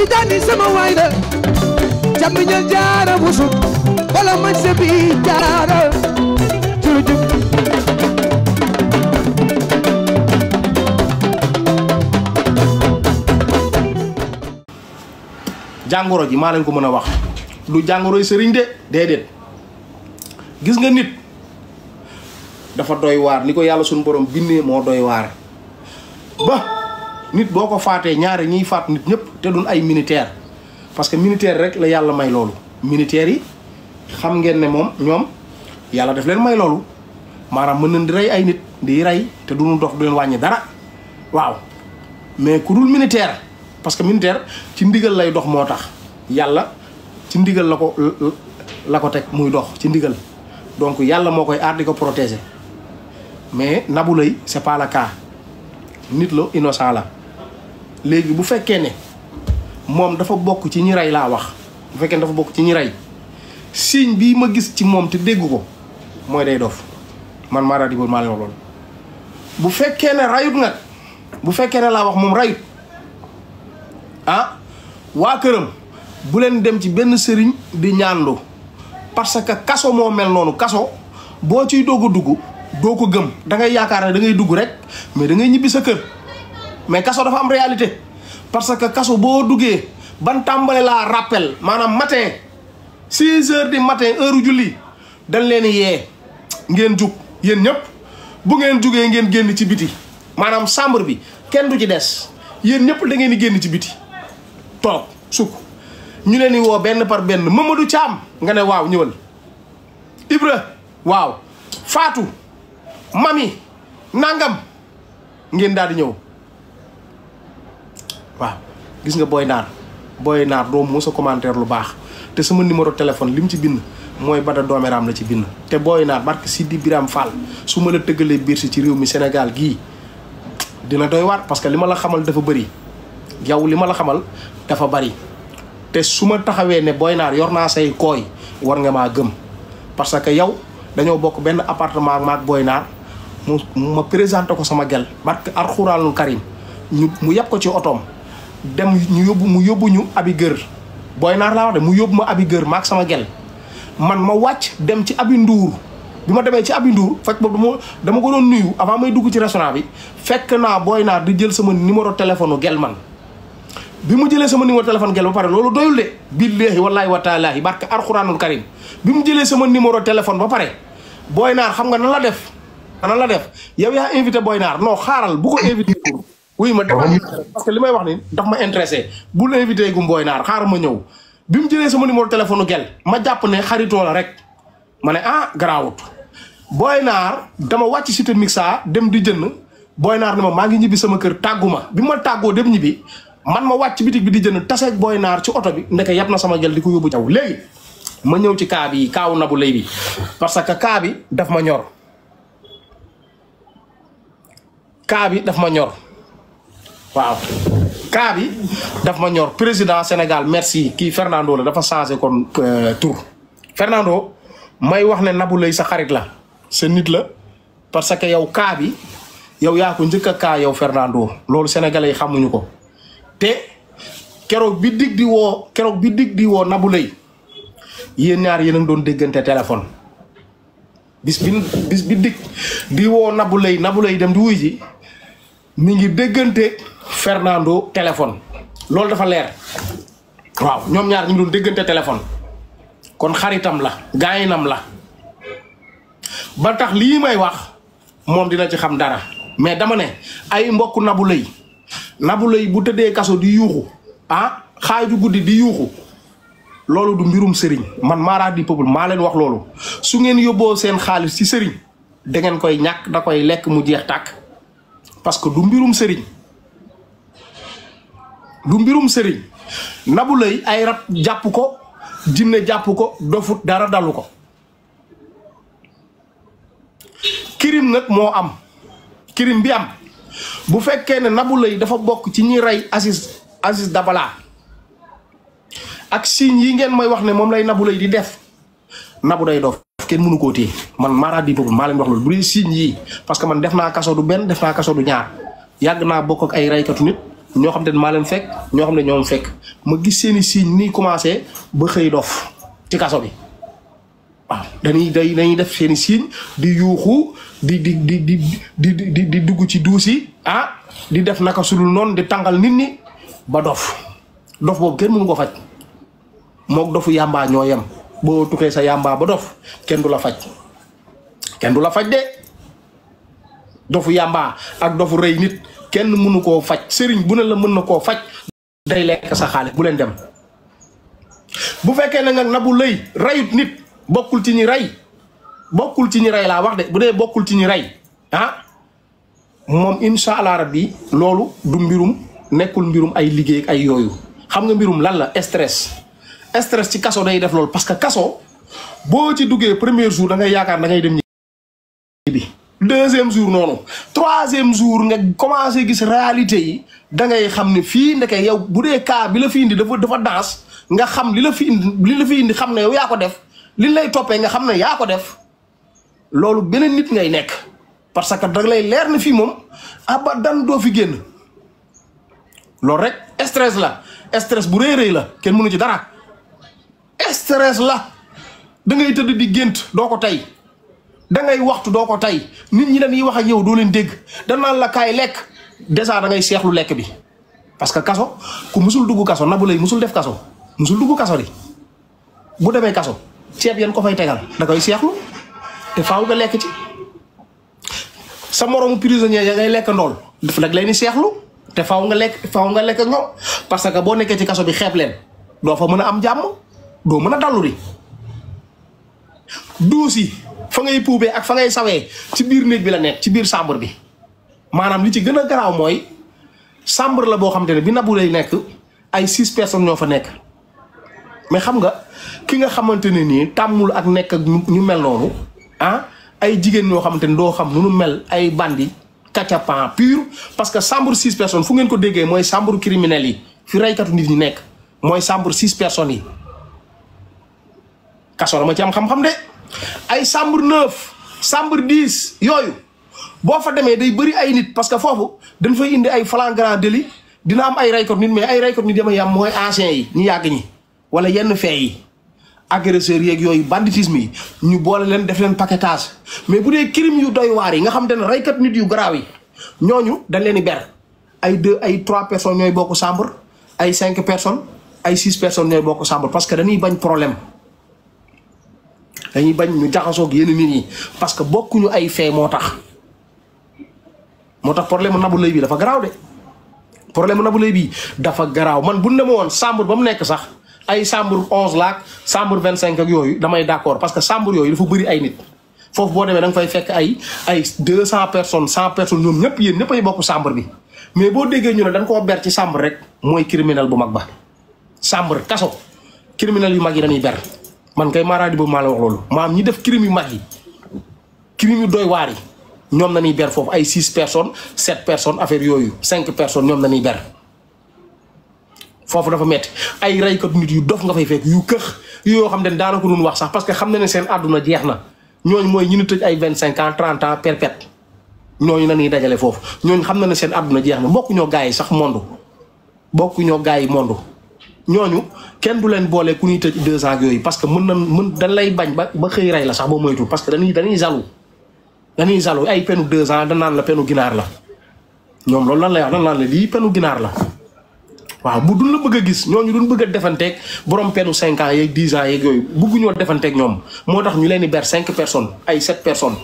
tijaani ji maa leen ko mën a wax lu jàngoroy sëriñ de déedéet gis nga nit dafa doy waar ni ko yàlla suñu borom bindee moo doy waar ba nit boo ko faatee ñaare ñiy faat nit ñëpp te duñ ay militaire parce que militaire rek la yàlla may loolu militaires yi xam ngeen ne moom ñoom yàlla def leen may loolu maanaam mën na di rey ay nit di rey te du duñu dox du leen wàññi dara waaw mais ku dul militaire parce que militaire ci ndigal lay dox moo tax yàlla ci ndigal la ko la ko teg muy dox ci ndigal donc yàlla moo koy aar di ko protéger mais Nabou Leye c'est pas le cas nit la innocent la léegi bu fekkee ne moom dafa bokk ci ñi rey laa wax bu fekkee ne bokk ci ñi rey signe bii ma gis ci moom te dégg ko mooy day dof man maa daal di maa leen wax loolu bu fekkee ne rayut nag bu fekkee ne laa wax moom rayut ah waa këram bu leen dem ci benn sëriñ di ñaandu parce que kaso moo mel noonu kaso boo ciy doog a dugg doo ko gëm da ngay yaakaar ne da ngay dugg rek mais dangay ñibbi sa kër. mais kaso dafa am réalité parce que kaso boo duggee ban tàmbale laa rappel maanaam matin 6 heures du matin heure julli dañ leen yee ngeen jug yéen ñëpp bu ngeen jugee ngeen génn ci biti maanaam chambre bi kenn du ci des yéen ñëpp da ngeen génn ci biti toog sukk ñu leen di woo benn par benn Mamadou Thiam nga ne waaw ñëwal Ibra waaw Fatou Mami nangam ngeen daal di ñëw waaw gis nga booy naar booy naar doo mos a lu baax te sama numéro téléphone li mu ci bind mooy bada doomeraam la ci bind te booy naar barke Sidi Biram Fall su ma la tëggalee biir si ci réew mi Sénégal gii dina doy waat parce que li ma la xamal dafa bëri yow li ma la xamal dafa bëri te su ma taxawee ne booy naar yor naa say kooy war nga maa gëm parce que yow dañoo bokk benn appartement ak maag booy naar mu ma présenté ko sama gel barke Alxuraanul Karim ñu mu yàpp ko ci otoom dem ñu yóbbu mu yóbbu ñu abi gër booy naar laa wax de mu yóbbu ma abi gër maak sama gel man ma wàcc dem ci abi nduur bi ma demee ci abi nduur fekk boobu dama dama ko doon nuyu avant may dugg ci restaurant bi fekk naa booy naar di jël sama numéro téléphone gel man bi mu jëlee sama numéro téléphone gel ba pare loolu doyul de billaahi wallaahi wa taalaahi barke alxuraanul karim bi mu jëlee sama numéro téléphone ba pare booy naar xam nga nan la def nan la def yow yaa invité booy naar noo xaaral bu ko invité wuy ma defal parce que li may wax ni daf ma intéressé bu la invité gu mbooy naar ma ñëw bi mu jëlee sama numéro téléphone gel ma jàpp ne xaritoo la rek ma ne ah garaawut booy naar dama wàcc cité mixa dem di jënd booy naar ne ma maa ngi ñibbi sama kër tàggu ma bi ma tàggoo dem ñibbi man ma wàcc bitig bi di jën taseeg booy naar ci oto bi ndeke yab na sama gel di ko yóbbu jaw léegi ma ñëw ci kaabi yi kaaw na Leye léegi parce que kaa bi daf ma ñor kaa bi daf ma ñor waaw cas bi daf ma ñor président Sénégal merci kii Fernando la dafa changé kon euh, tour Fernando may wax ne Nabou Leye sa xarit la sa nit la parce que yow cas bi yow yaa ko njëkk kaa cas yow Fernando loolu sénégalais yi xamuñu ko te keroog bi dig di woo keroog bi dig di woo Nabou yéen ñaar yéen a doon déggante téléphone bis bi bis bi dig woo Nabou Leye Nabou Leye dem di wuy ji mi ngi déggante. Fernando téléphone loolu dafa leer waaw ñoom ñaar ñu doon déggante téléphone kon xaritam la gaayinam la ba tax lii may wax moom dina ci xam dara mais dama ne ay mbokk Nabou Leye Nabou Leye bu tëddee kaso di yuuxu ah xaaju guddi di yuuxu loolu du mbirum sëriñ man maara di peuple maa leen wax loolu su ngeen yóbboo seen xaalis ci sëriñ da ngeen koy ñàkk da koy lekk mu jeex tàkk parce que du mbirum sëriñ du mbirum sëriñ Nabou Leye ay rab jàpp ko jinne jàpp ko dofut dara dalu ko kirim nag moo am kirim bi am bu fekkee ne Nabou Leye dafa bokk ci ñi rey Aziz Aziz Dabala ak signes yi ngeen mooy wax ne moom lay Nabou Leye di def Nabou day dof kenn mënu koo téye man maradi boobu maa leen wax loolu bu dee yi yii parce que man def naa kaso du benn def naa kaso du ñaar yàgg naa bokk ak ay reykatu nit ñoo xam ne maa leen fekk ñoo xam ne ñoom fekk ma gis seeni i signes nii commencé ba xëy dof ci kaso bi dañuy dañuy def seen i di yuuxu di di di di di dugg ci duus yi ah di def naka sudul noon di tàngal nit ñi ba dof dof boobu kenn mënu ko faj moog dofu yàmbaa ñoo yem boo tuxee sa yàmbaa ba dof kenn du la faj kenn du la faj de dofu yàmbaa ak dofu rëy nit. kenn mënu koo faj sëriñ bu ne la mën na koo faj day lekk sa xaalis bu leen dem bu fekkee na nga nabu lëy rayut nit bokkul ci ñi rey bokkul ci ñi rey laa wax de bu dee bokkul ci ñi rey ah moom insha allah rabbi loolu du mbirum nekkul mbirum ay liggéey ay yooyu xam nga mbirum lan la stress stress ci kaso day def loolu parce que kaso boo ci duggee premier jour da ngay yaakaar da ngay dem ñibbi deuxième jour noonu troisième jour nga commencé gis réalité yi da ngay xam ni fii ndeke yow bu dee cas bi la fi indi dafa dafa danse nga xam li la fi indi li la fi indi xam ne yow yaa ko def li lay toppee nga xam ne yaa ko def loolu beneen nit ngay nekk parce que da lay leer ne fii moom abadan doo fi génn loolu rek stress la stress bu rëy rëy la kenn mënu ci dara stress la da ngay tëdd di gént doo ko tey da waxtu doo ko tey nit ñi dañuy wax ak yow doo leen dégg danaan la kaay lekk dèjà da ngay seexlu lekk bi parce que kaso ku musul dugg kaso nabu lay musul def kaso musul dugg kaso di bu demee kaso ceeb yeen ko fay tegal da koy seexlu te faaw nga lekk ci sa moromu prisonnier ya ngay lekk ndool daf nag leen di seexlu te faw nga lekk faaw nga lekk ak ñoom parce que boo nekkee ci kaso bi xeeb leen doo fa mën a am jàmm doo mën a dallu di duus fa ngay puubee ak fa ngay sawee ci biir néeg bi la nekk ci biir chambre bi maanaam li ci gën a garaaw mooy chambre la boo xam te ne bi Nabou lay nekk ay six personnes ñoo fa nekk mais xam nga ki nga xamante ne nii tàmmul ak nekk ak ñu mel noonu ah ay jigéen ñoo xamante ne doo xam nu nu mel ay bandi kacapan pur parce que chambre six personnes fu ngeen ko déggee mooy chambre criminel yi fi reykatu nit ñi nekk mooy chambre six personnes yi kaso ma ci am xam-xam de ay chambre neuf chambre dix yooyu boo fa demee day bëri ay nit parce que foofu dañ fay indi ay flagrant délit dina am ay raykat nit mais ay raykat nit yama yam mooy anciens yi ñu yàgg ñi wala yenn fee yi agresseurs yeeg yooyu banditisme yi ñu boole leen def leen paquetage mais bu dee crime yu doy waar yi nga xam te ne raykat nit yu garaaw yi ñooñu da leen di ber ay deux ay trois personnes ñooy bokk chambre ay cinq personnes ay six personnes ñooy bokk chambre parce que dañuy bañ problème dañuy bañ ñu jaxasoog yenn nit yi parce que bokkuñu ay fee moo tax moo tax problème mu nabu lay bi dafa garaaw de problème mu bu lay bi dafa garaaw man bu ne ma woon Sambour ba mu nekk sax ay Sambour 11 laak Sambour 25 ak yooyu damay d'accord parce que Sambour yooyu dafa bëri ay nit foofu boo demee da fay fekk ay ay 200 personnes 100 personnes ñoom ñëpp yéen ñëpp ay bokk Sambour bi mais boo déggee ñu ne dañ koo ber ci Sambour rek mooy criminel bu mag ba Sambour kaso criminel yu mag yi dañuy ber. man kay maaraadi boobu maa la wax loolu maam ñi def crime yu mag yi crime yu doy waar yi ñoom nañuy ber foofu ay six personnes sept personnes affaire yooyu cinq personnes ñoom nañuy ber foofu dafa metti ay raykat nit yu dof nga fay fekk yu këx yoo xam ne daanaka doon wax sax parce que xam na seen àdduna jeex na ñooñu mooy ñu ni tëj ay vingt cinq ans trente ans perpète ñooñu nañuy dajale foofu ñooñu xam na ne seen àdduna jeex na bokku ñoo gars yi sax monde bokku gars yi monde ñooñu kenn du leen boole ku ñuy tëj deux ans yooyu parce que mën na mën dañ lay bañ ba ba xëy rey la sax ba moytu parce que dañuy dañuy jaloux dañuy jaloux ay penu deux ans danaan la penu ginaar la ñoom loolu lan lay wax lan naan la lii penu ginaar la waaw bu dun la bëgg a gis ñooñu duñ bëgg a defanteeg borom penu cinq ans yeeg dix ans yeeg yooyu bëgguñoo defanteek ñoom moo tax ñu leen di ber cinq personnes ay sept personnes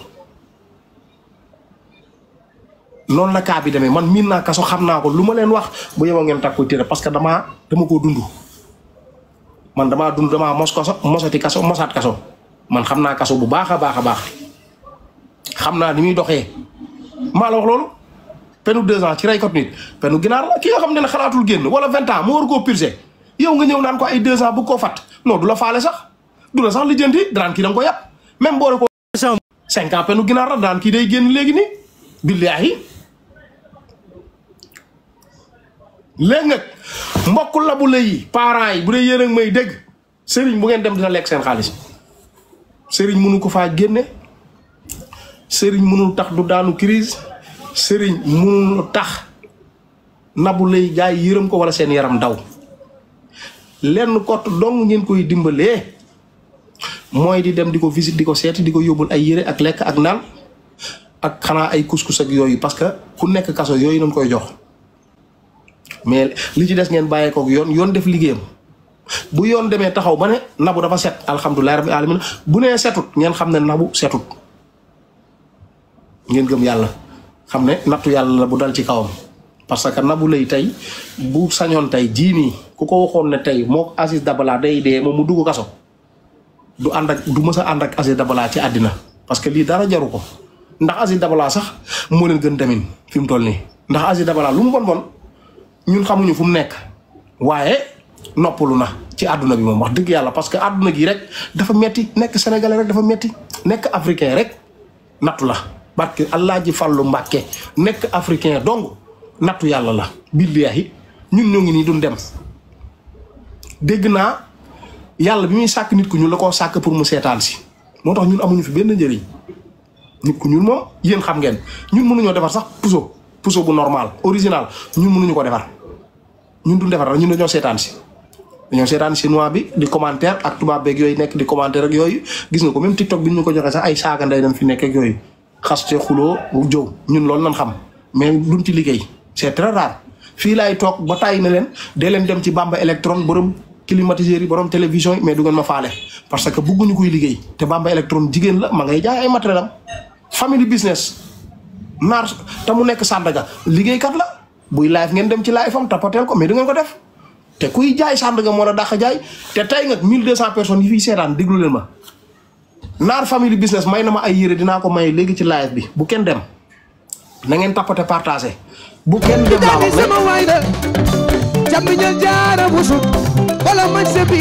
loolu la kaa bi demee man miin naa kaso xam naa ko lu ma leen wax bu yeboo ngeen takku téere parce que damaa dama koo dund man damaa dund damaa mos kaso mosati kaso mosaat kaso man xam naa kaso bu baax a baax a baax xam naa ni muy doxee maa la wax loolu penu deux ans ci reykot nit penu ginaar ki nga xam ne xalaatul génn wala vingt ans mu war koo purgé yow nga ñëw naan ko ay deux ans bu ko fat non du la sax du sax lijjanti daan kii da ko yàpp même boole ko cinq ans penu ginaar la daan kii day génn léegi nii billaahi léegi nag mbokk labu lay yi parents yi bu dee yéen a may dégg sëriñ bu ngeen dem dina lekk seen xaalis sëriñ mënu ko faa génne sëriñ munu tax du daanu crise sëriñ mënul tax nabu lay jaay yërëm ko wala seen yaram daw lenn kott dong ngeen koy dimbalee mooy di dem di ko visite di ko seet di ko yóbbul ay yére ak lekk ak naan ak xanaa ay couscous ak yooyu parce que ku nekk kaso yooyu nañ koy jox mais li ci des ngeen bàyyeekook yoon yoon def liggéeyam bu yoon demee taxaw ba ne nabu dafa set alhamdulilah rabbil bu nee setut ngeen xam ne nabu setut ngeen gëm yàlla xam ne nattu yàlla la bu dal ci kawam parce que nabu lay tey bu sañoon tey jii nii ku ko waxoon ne tey moo Aziz Dabala day dee moom mu dugg kaso du ànd ak du mës a ànd ak Aziz Dabala ci àddina parce que lii dara jaru ko ndax asi Dabala sax moo leen gën demin fi mu toll nii ndax Aziz Dabala lu mu bon bon ñun xamuñu fu mu nekk waaye noppalu na ci àdduna bi moom wax dëgg yàlla parce que àdduna gi rek dafa metti nekk sénégalais rek dafa metti nekk africain rek nattu la barke Alaaji Fàllu Mbàkke nekk africain dong nattu yàlla la billaahi ñun ñoo ngi nii duñ dem dégg naa yàlla bi muy sàkk nit ku ñuul la koo sàkk pour mu seetaan si moo tax ñun amuñu fi benn njëriñ nit ku ñuul moom yéen xam ngeen ñun mënuñoo defar sax puso puso bu normal original ñun mënuñu ko defar ñun duñ defar ñun dañoo seetaan si dañoo seetaan chinois bi di commentaire ak tubaab beeg yooyu nekk di commentaire ak yooyu gis nga ko même TikTok bi ñu ko joxee sax ay saaga nday dañ fi nekk ak yooyu xaste xuloo jow ñun loolu lañ xam mais duñ ci liggéey c'est très rare fii laay toog ba tàyyi na leen dee leen dem ci Bamba Electron borom climatiseur yi borom télévision yi mais du ngeen ma faale parce que bëgguñu koy liggéey te Bamba Electron jigéen la ma ngay jaay ay matériel am family business naar te mu nekk Sandaga liggéeykat la buy live ngeen dem ci live am tapateel ko mais du ngeen ko def te kuy jaay Sandaga moo la a jaay te tey nag 1200 personnes yi fiy seetaan déglu leen ma. naar family business may na ma ay yére dina ko maye léegi ci live bi bu kenn dem na ngeen tapoté partagé bu kenn dem laa wax sama waay da jàmm ñal jaara busut mañ se bi